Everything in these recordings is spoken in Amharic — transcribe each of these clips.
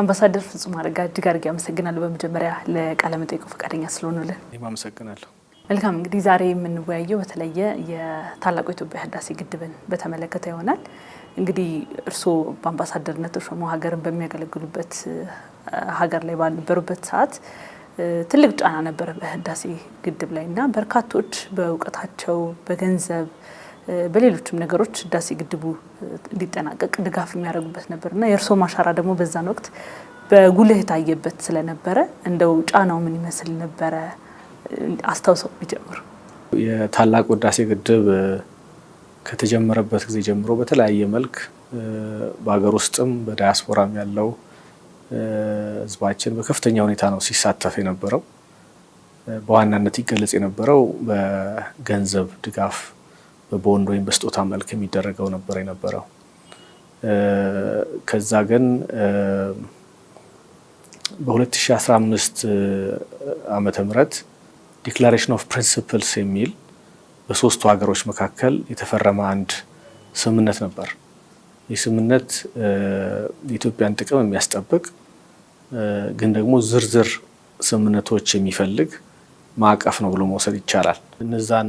አምባሳደር ፍጹም አረጋ እጅግ አድርጌ አመሰግናለሁ። በመጀመሪያ ለቃለ መጠይቁ ፈቃደኛ ስለሆኑልን እኔም አመሰግናለሁ። መልካም እንግዲህ ዛሬ የምንወያየው በተለየ የታላቁ የኢትዮጵያ ህዳሴ ግድብን በተመለከተ ይሆናል። እንግዲህ እርስዎ በአምባሳደርነት ተሾሞ ሀገርን በሚያገለግሉበት ሀገር ላይ ባልነበሩበት ሰዓት ትልቅ ጫና ነበር በህዳሴ ግድብ ላይ እና በርካቶች በእውቀታቸው በገንዘብ በሌሎችም ነገሮች ህዳሴ ግድቡ እንዲጠናቀቅ ድጋፍ የሚያደርጉበት ነበርና የእርስዎ ማሻራ ደግሞ በዛን ወቅት በጉልህ የታየበት ስለነበረ እንደው ጫናው ምን ይመስል ነበረ? አስታውሰው ቢጀምሩ። የታላቁ ህዳሴ ግድብ ከተጀመረበት ጊዜ ጀምሮ በተለያየ መልክ በሀገር ውስጥም በዳያስፖራም ያለው ህዝባችን በከፍተኛ ሁኔታ ነው ሲሳተፍ የነበረው። በዋናነት ይገለጽ የነበረው በገንዘብ ድጋፍ በወንድ ወይም በስጦታ መልክ የሚደረገው ነበር የነበረው። ከዛ ግን በ2015 ዓመተ ምህረት ዲክላሬሽን ኦፍ ፕሪንሲፕልስ የሚል በሶስቱ ሀገሮች መካከል የተፈረመ አንድ ስምምነት ነበር። ይህ ስምምነት የኢትዮጵያን ጥቅም የሚያስጠብቅ ግን ደግሞ ዝርዝር ስምምነቶች የሚፈልግ ማዕቀፍ ነው ብሎ መውሰድ ይቻላል። እነዛን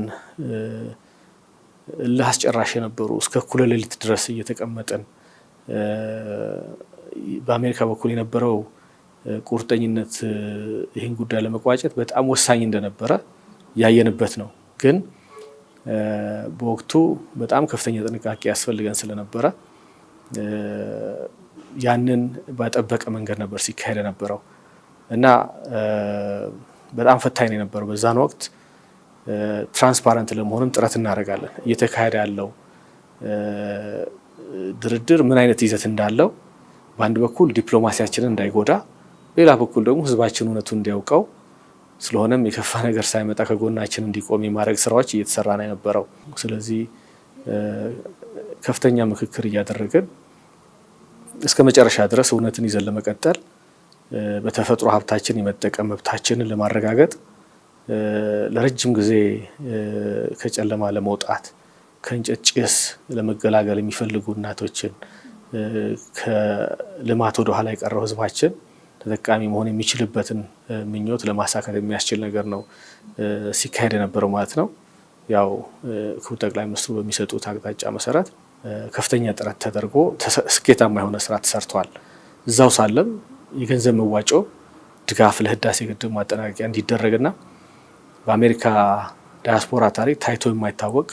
እልህ አስጨራሽ የነበሩ እስከ እኩለ ሌሊት ድረስ እየተቀመጠን በአሜሪካ በኩል የነበረው ቁርጠኝነት ይህን ጉዳይ ለመቋጨት በጣም ወሳኝ እንደነበረ ያየንበት ነው። ግን በወቅቱ በጣም ከፍተኛ ጥንቃቄ ያስፈልገን ስለነበረ ያንን ባጠበቀ መንገድ ነበር ሲካሄድ የነበረው እና በጣም ፈታኝ ነው የነበረው በዛን ወቅት ትራንስፓረንት ለመሆንም ጥረት እናደርጋለን። እየተካሄደ ያለው ድርድር ምን አይነት ይዘት እንዳለው በአንድ በኩል ዲፕሎማሲያችንን እንዳይጎዳ፣ በሌላ በኩል ደግሞ ህዝባችን እውነቱን እንዲያውቀው ስለሆነም የከፋ ነገር ሳይመጣ ከጎናችን እንዲቆም የማድረግ ስራዎች እየተሰራ ነው የነበረው። ስለዚህ ከፍተኛ ምክክር እያደረግን እስከ መጨረሻ ድረስ እውነትን ይዘን ለመቀጠል በተፈጥሮ ሀብታችን የመጠቀም መብታችንን ለማረጋገጥ ለረጅም ጊዜ ከጨለማ ለመውጣት ከእንጨት ጭስ ለመገላገል የሚፈልጉ እናቶችን ከልማት ወደ ኋላ የቀረው ህዝባችን ተጠቃሚ መሆን የሚችልበትን ምኞት ለማሳካት የሚያስችል ነገር ነው ሲካሄድ የነበረው ማለት ነው። ያው ክቡር ጠቅላይ ሚኒስትሩ በሚሰጡት አቅጣጫ መሰረት ከፍተኛ ጥረት ተደርጎ ስኬታማ የሆነ ስራ ተሰርተዋል። እዛው ሳለም የገንዘብ መዋጮ ድጋፍ ለህዳሴ ግድብ ማጠናቀቂያ እንዲደረግና በአሜሪካ ዳያስፖራ ታሪክ ታይቶ የማይታወቅ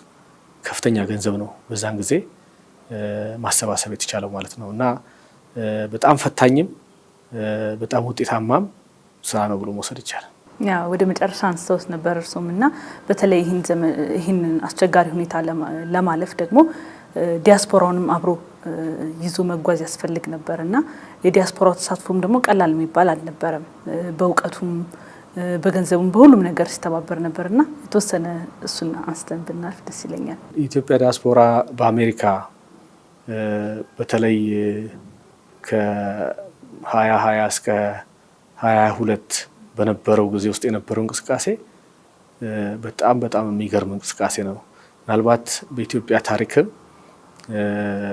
ከፍተኛ ገንዘብ ነው በዛን ጊዜ ማሰባሰብ የተቻለው ማለት ነው እና በጣም ፈታኝም በጣም ውጤታማም ስራ ነው ብሎ መውሰድ ይቻላል። ወደ መጨረሻ አንስተውስ ነበር እርሱም እና በተለይ ይህንን አስቸጋሪ ሁኔታ ለማለፍ ደግሞ ዲያስፖራውንም አብሮ ይዞ መጓዝ ያስፈልግ ነበር እና የዲያስፖራው ተሳትፎም ደግሞ ቀላል የሚባል አልነበረም በእውቀቱም በገንዘቡም በሁሉም ነገር ሲተባበር ነበር እና የተወሰነ እሱን አንስተን ብናልፍ ደስ ይለኛል። የኢትዮጵያ ዲያስፖራ በአሜሪካ በተለይ ከሀያ ሀያ እስከ ሀያ ሁለት በነበረው ጊዜ ውስጥ የነበረው እንቅስቃሴ በጣም በጣም የሚገርም እንቅስቃሴ ነው። ምናልባት በኢትዮጵያ ታሪክም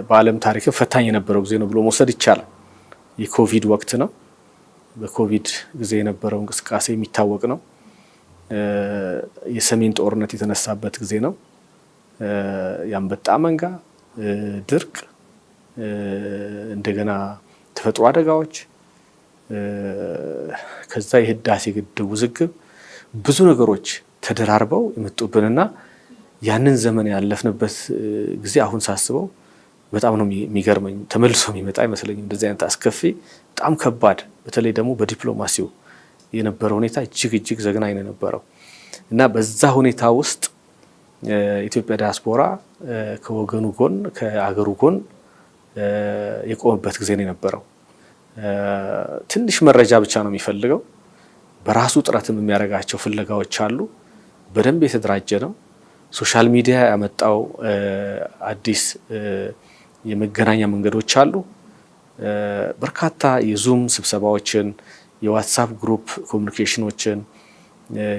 በዓለም ታሪክም ፈታኝ የነበረው ጊዜ ነው ብሎ መውሰድ ይቻላል። የኮቪድ ወቅት ነው። በኮቪድ ጊዜ የነበረው እንቅስቃሴ የሚታወቅ ነው። የሰሜን ጦርነት የተነሳበት ጊዜ ነው። የአንበጣ መንጋ፣ ድርቅ፣ እንደገና ተፈጥሮ አደጋዎች፣ ከዛ የህዳሴ ግድብ ውዝግብ፣ ብዙ ነገሮች ተደራርበው የመጡብንና ያንን ዘመን ያለፍንበት ጊዜ አሁን ሳስበው በጣም ነው የሚገርመኝ። ተመልሶ የሚመጣ አይመስለኝም። እንደዚህ አይነት አስከፊ በጣም ከባድ፣ በተለይ ደግሞ በዲፕሎማሲው የነበረው ሁኔታ እጅግ እጅግ ዘግናኝ ነው የነበረው እና በዛ ሁኔታ ውስጥ ኢትዮጵያ ዲያስፖራ ከወገኑ ጎን ከአገሩ ጎን የቆመበት ጊዜ ነው የነበረው። ትንሽ መረጃ ብቻ ነው የሚፈልገው። በራሱ ጥረትም የሚያደርጋቸው ፍለጋዎች አሉ። በደንብ የተደራጀ ነው። ሶሻል ሚዲያ ያመጣው አዲስ የመገናኛ መንገዶች አሉ። በርካታ የዙም ስብሰባዎችን የዋትሳፕ ግሩፕ ኮሚኒኬሽኖችን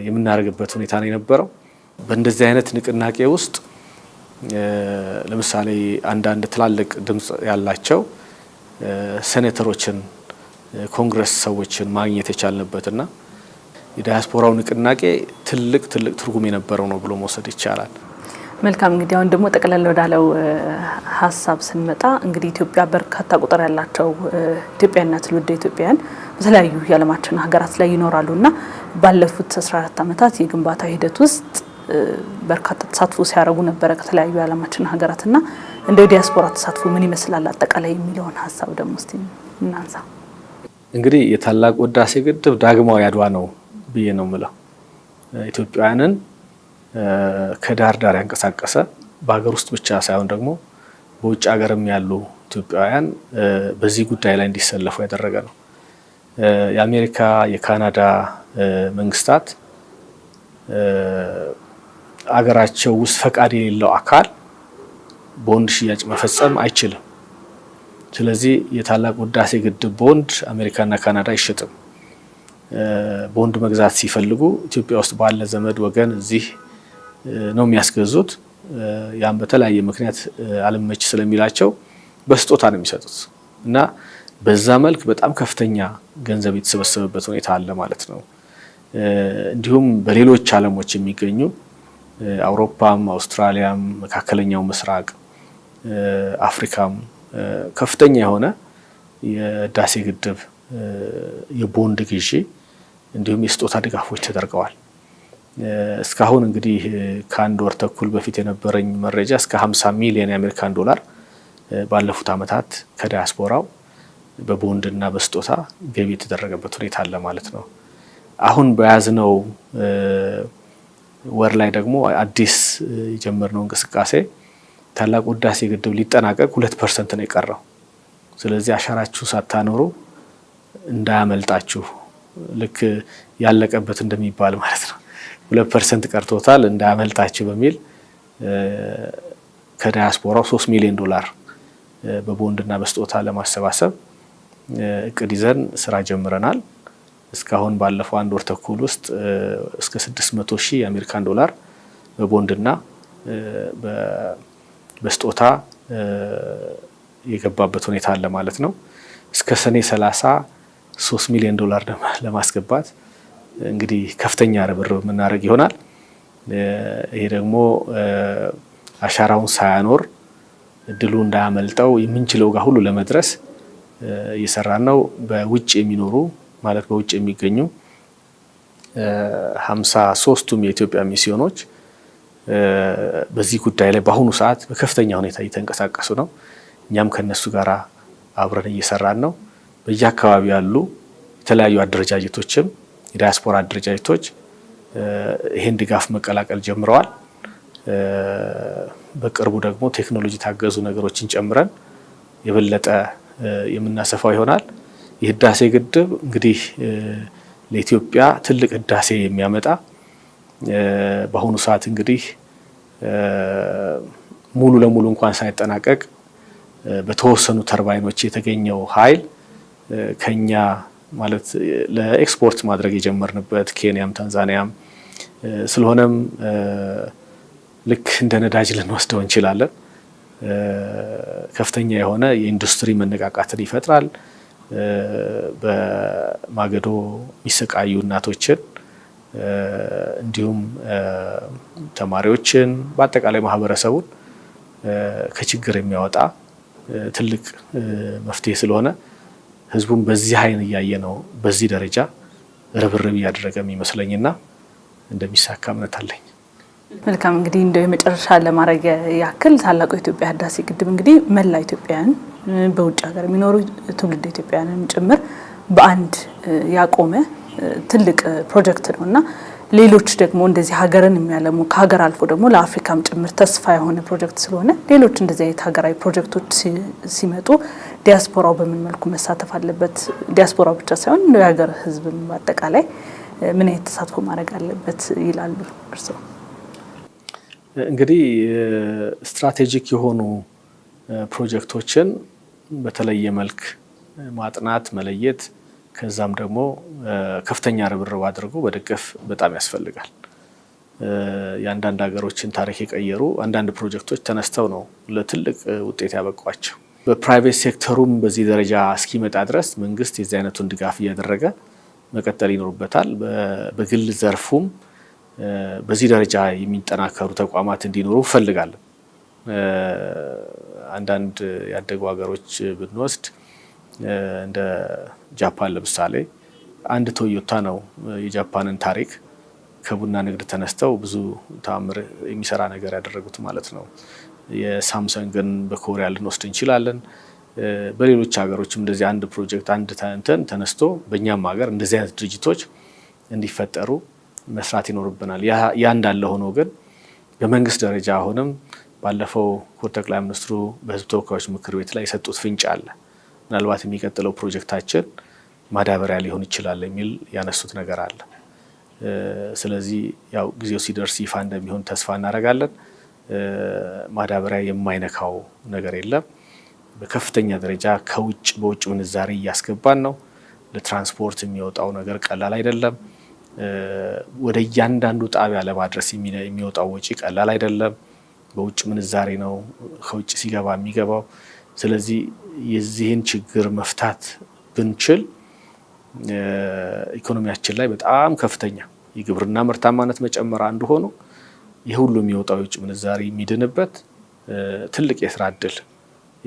የምናደርግበት ሁኔታ ነው የነበረው። በእንደዚህ አይነት ንቅናቄ ውስጥ ለምሳሌ አንዳንድ ትላልቅ ድምፅ ያላቸው ሴኔተሮችን፣ ኮንግረስ ሰዎችን ማግኘት የቻልንበትና የዳያስፖራው ንቅናቄ ትልቅ ትልቅ ትርጉም የነበረው ነው ብሎ መውሰድ ይቻላል። መልካም እንግዲህ አሁን ደግሞ ጠቅለል ወዳለው ሀሳብ ስንመጣ እንግዲህ ኢትዮጵያ በርካታ ቁጥር ያላቸው ኢትዮጵያና ትውልደ ኢትዮጵያውያን በተለያዩ የዓለማችን ሀገራት ላይ ይኖራሉ እና ባለፉት 14 ዓመታት የግንባታ ሂደት ውስጥ በርካታ ተሳትፎ ሲያደርጉ ነበረ ከተለያዩ የዓለማችን ሀገራት እና እንደ ዲያስፖራ ተሳትፎ ምን ይመስላል አጠቃላይ የሚለውን ሀሳብ ደግሞ እስቲ እናንሳ። እንግዲህ የታላቁ ሕዳሴ ግድብ ዳግማዊ አድዋ ነው ብዬ ነው ምለው ኢትዮጵያውያንን ከዳር ዳር ያንቀሳቀሰ በሀገር ውስጥ ብቻ ሳይሆን ደግሞ በውጭ ሀገርም ያሉ ኢትዮጵያውያን በዚህ ጉዳይ ላይ እንዲሰለፉ ያደረገ ነው። የአሜሪካ የካናዳ መንግስታት አገራቸው ውስጥ ፈቃድ የሌለው አካል ቦንድ ሽያጭ መፈጸም አይችልም። ስለዚህ የታላቁ ህዳሴ ግድብ ቦንድ አሜሪካና ካናዳ አይሸጥም። ቦንድ መግዛት ሲፈልጉ ኢትዮጵያ ውስጥ ባለ ዘመድ ወገን እዚህ ነው የሚያስገዙት። ያም በተለያየ ምክንያት አልመች ስለሚላቸው በስጦታ ነው የሚሰጡት እና በዛ መልክ በጣም ከፍተኛ ገንዘብ የተሰበሰበበት ሁኔታ አለ ማለት ነው። እንዲሁም በሌሎች ዓለሞች የሚገኙ አውሮፓም፣ አውስትራሊያም፣ መካከለኛው ምስራቅ፣ አፍሪካም ከፍተኛ የሆነ የህዳሴ ግድብ የቦንድ ግዢ እንዲሁም የስጦታ ድጋፎች ተደርገዋል። እስካሁን እንግዲህ ከአንድ ወር ተኩል በፊት የነበረኝ መረጃ እስከ 50 ሚሊዮን የአሜሪካን ዶላር ባለፉት ዓመታት ከዲያስፖራው በቦንድና በስጦታ ገቢ የተደረገበት ሁኔታ አለ ማለት ነው። አሁን በያዝነው ወር ላይ ደግሞ አዲስ የጀመርነው እንቅስቃሴ ታላቁ ህዳሴ ግድብ ሊጠናቀቅ ሁለት ፐርሰንት ነው የቀረው። ስለዚህ አሻራችሁ ሳታኖሩ እንዳያመልጣችሁ ልክ ያለቀበት እንደሚባል ማለት ነው። ሁለት ፐርሰንት ቀርቶታል እንዳያመልጣችሁ በሚል ከዳያስፖራው ሶስት ሚሊዮን ዶላር በቦንድና በስጦታ ለማሰባሰብ እቅድ ይዘን ስራ ጀምረናል። እስካሁን ባለፈው አንድ ወር ተኩል ውስጥ እስከ 600 ሺህ የአሜሪካን ዶላር በቦንድና በስጦታ የገባበት ሁኔታ አለ ማለት ነው። እስከ ሰኔ 30 3 ሚሊዮን ዶላር ለማስገባት እንግዲህ ከፍተኛ ርብር የምናደርግ ይሆናል። ይሄ ደግሞ አሻራውን ሳያኖር እድሉ እንዳያመልጠው የምንችለው ጋር ሁሉ ለመድረስ እየሰራን ነው። በውጭ የሚኖሩ ማለት በውጭ የሚገኙ ሀምሳ ሶስቱም የኢትዮጵያ ሚስዮኖች በዚህ ጉዳይ ላይ በአሁኑ ሰዓት በከፍተኛ ሁኔታ እየተንቀሳቀሱ ነው። እኛም ከነሱ ጋር አብረን እየሰራን ነው። በየአካባቢው ያሉ የተለያዩ አደረጃጀቶችም የዳያስፖራ አደረጃጀቶች ይሄን ድጋፍ መቀላቀል ጀምረዋል። በቅርቡ ደግሞ ቴክኖሎጂ ታገዙ ነገሮችን ጨምረን የበለጠ የምናሰፋው ይሆናል። የህዳሴ ግድብ እንግዲህ ለኢትዮጵያ ትልቅ ህዳሴ የሚያመጣ በአሁኑ ሰዓት እንግዲህ ሙሉ ለሙሉ እንኳን ሳይጠናቀቅ በተወሰኑ ተርባይኖች የተገኘው ኃይል ከኛ ማለት ለኤክስፖርት ማድረግ የጀመርንበት ኬንያም ታንዛኒያም ስለሆነም ልክ እንደ ነዳጅ ልንወስደው እንችላለን። ከፍተኛ የሆነ የኢንዱስትሪ መነቃቃትን ይፈጥራል። በማገዶ የሚሰቃዩ እናቶችን እንዲሁም ተማሪዎችን በአጠቃላይ ማህበረሰቡን ከችግር የሚያወጣ ትልቅ መፍትሄ ስለሆነ ህዝቡን በዚህ አይን እያየ ነው በዚህ ደረጃ ርብርብ እያደረገ የሚመስለኝና እንደሚሳካ እምነት አለኝ። መልካም እንግዲህ እንደው የመጨረሻ ለማድረግ ያክል ታላቁ የኢትዮጵያ ህዳሴ ግድብ እንግዲህ መላ ኢትዮጵያውያን በውጭ ሀገር የሚኖሩ ትውልድ ኢትዮጵያውያንም ጭምር በአንድ ያቆመ ትልቅ ፕሮጀክት ነው እና ሌሎች ደግሞ እንደዚህ ሀገርን የሚያለሙ ከሀገር አልፎ ደግሞ ለአፍሪካም ጭምር ተስፋ የሆነ ፕሮጀክት ስለሆነ ሌሎች እንደዚህ አይነት ሀገራዊ ፕሮጀክቶች ሲመጡ ዲያስፖራው በምን መልኩ መሳተፍ አለበት? ዲያስፖራ ብቻ ሳይሆን የሀገር ህዝብ አጠቃላይ ምን አይነት ተሳትፎ ማድረግ አለበት ይላሉ እርስዎ? እንግዲህ ስትራቴጂክ የሆኑ ፕሮጀክቶችን በተለየ መልክ ማጥናት፣ መለየት ከዛም ደግሞ ከፍተኛ ርብርብ አድርጎ በደገፍ በጣም ያስፈልጋል። የአንዳንድ ሀገሮችን ታሪክ የቀየሩ አንዳንድ ፕሮጀክቶች ተነስተው ነው ለትልቅ ውጤት ያበቋቸው። በፕራይቬት ሴክተሩም በዚህ ደረጃ እስኪመጣ ድረስ መንግስት የዚህ አይነቱን ድጋፍ እያደረገ መቀጠል ይኖርበታል። በግል ዘርፉም በዚህ ደረጃ የሚጠናከሩ ተቋማት እንዲኖሩ እፈልጋለን። አንዳንድ ያደጉ ሀገሮች ብንወስድ እንደ ጃፓን ለምሳሌ አንድ ቶዮታ ነው የጃፓንን ታሪክ ከቡና ንግድ ተነስተው ብዙ ተአምር የሚሰራ ነገር ያደረጉት ማለት ነው። የሳምሰንግን በኮሪያ ልንወስድ እንችላለን። በሌሎች ሀገሮችም እንደዚህ አንድ ፕሮጀክት አንድ ተንተን ተነስቶ በእኛም ሀገር እንደዚህ አይነት ድርጅቶች እንዲፈጠሩ መስራት ይኖርብናል። ያ እንዳለ ሆኖ ግን በመንግስት ደረጃ አሁንም ባለፈው ኩር ጠቅላይ ሚኒስትሩ በህዝብ ተወካዮች ምክር ቤት ላይ የሰጡት ፍንጭ አለ። ምናልባት የሚቀጥለው ፕሮጀክታችን ማዳበሪያ ሊሆን ይችላል የሚል ያነሱት ነገር አለ። ስለዚህ ያው ጊዜው ሲደርስ ይፋ እንደሚሆን ተስፋ እናደርጋለን። ማዳበሪያ የማይነካው ነገር የለም። በከፍተኛ ደረጃ ከውጭ በውጭ ምንዛሬ እያስገባን ነው። ለትራንስፖርት የሚወጣው ነገር ቀላል አይደለም። ወደ እያንዳንዱ ጣቢያ ለማድረስ የሚወጣው ወጪ ቀላል አይደለም። በውጭ ምንዛሬ ነው ከውጭ ሲገባ የሚገባው። ስለዚህ የዚህን ችግር መፍታት ብንችል ኢኮኖሚያችን ላይ በጣም ከፍተኛ የግብርና ምርታማነት መጨመር አንዱ ሆኖ የሁሉም የሚወጣው የውጭ ምንዛሪ የሚድንበት ትልቅ የስራ እድል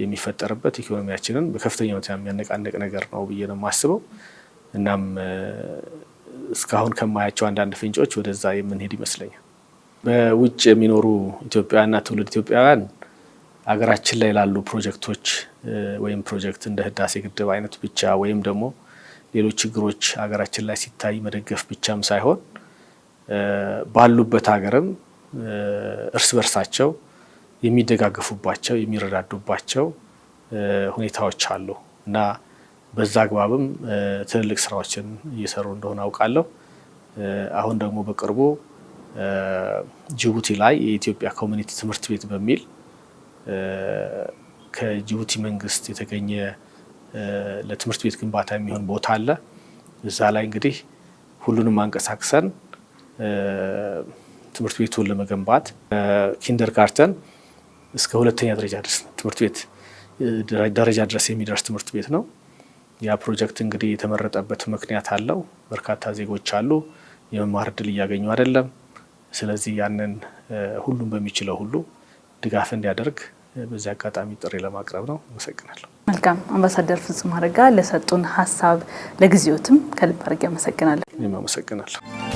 የሚፈጠርበት ኢኮኖሚያችንን በከፍተኛ ሁኔታ የሚያነቃንቅ ነገር ነው ብዬ ነው የማስበው። እናም እስካሁን ከማያቸው አንዳንድ ፍንጮች ወደዛ የምንሄድ ይመስለኛል። በውጭ የሚኖሩ ኢትዮጵያውያንና ትውልድ ኢትዮጵያውያን አገራችን ላይ ላሉ ፕሮጀክቶች ወይም ፕሮጀክት እንደ ህዳሴ ግድብ አይነት ብቻ ወይም ደግሞ ሌሎች ችግሮች አገራችን ላይ ሲታይ መደገፍ ብቻም ሳይሆን ባሉበት ሀገርም እርስ በርሳቸው የሚደጋገፉባቸው የሚረዳዱባቸው ሁኔታዎች አሉ እና በዛ አግባብም ትልልቅ ስራዎችን እየሰሩ እንደሆነ አውቃለሁ። አሁን ደግሞ በቅርቡ ጅቡቲ ላይ የኢትዮጵያ ኮሚኒቲ ትምህርት ቤት በሚል ከጅቡቲ መንግስት የተገኘ ለትምህርት ቤት ግንባታ የሚሆን ቦታ አለ። እዛ ላይ እንግዲህ ሁሉንም አንቀሳቅሰን ትምህርት ቤቱን ለመገንባት ኪንደር ጋርተን እስከ ሁለተኛ ደረጃ ድረስ ትምህርት ቤት ደረጃ ድረስ የሚደርስ ትምህርት ቤት ነው። ያ ፕሮጀክት እንግዲህ የተመረጠበት ምክንያት አለው። በርካታ ዜጎች አሉ፣ የመማር እድል እያገኙ አይደለም። ስለዚህ ያንን ሁሉም በሚችለው ሁሉ ድጋፍ እንዲያደርግ በዚህ አጋጣሚ ጥሪ ለማቅረብ ነው። አመሰግናለሁ። መልካም አምባሳደር ፍጹም አረጋ ለሰጡን ሀሳብ ለጊዜዎትም ከልብ አድርጌ አመሰግናለሁ። እኔም አመሰግናለሁ።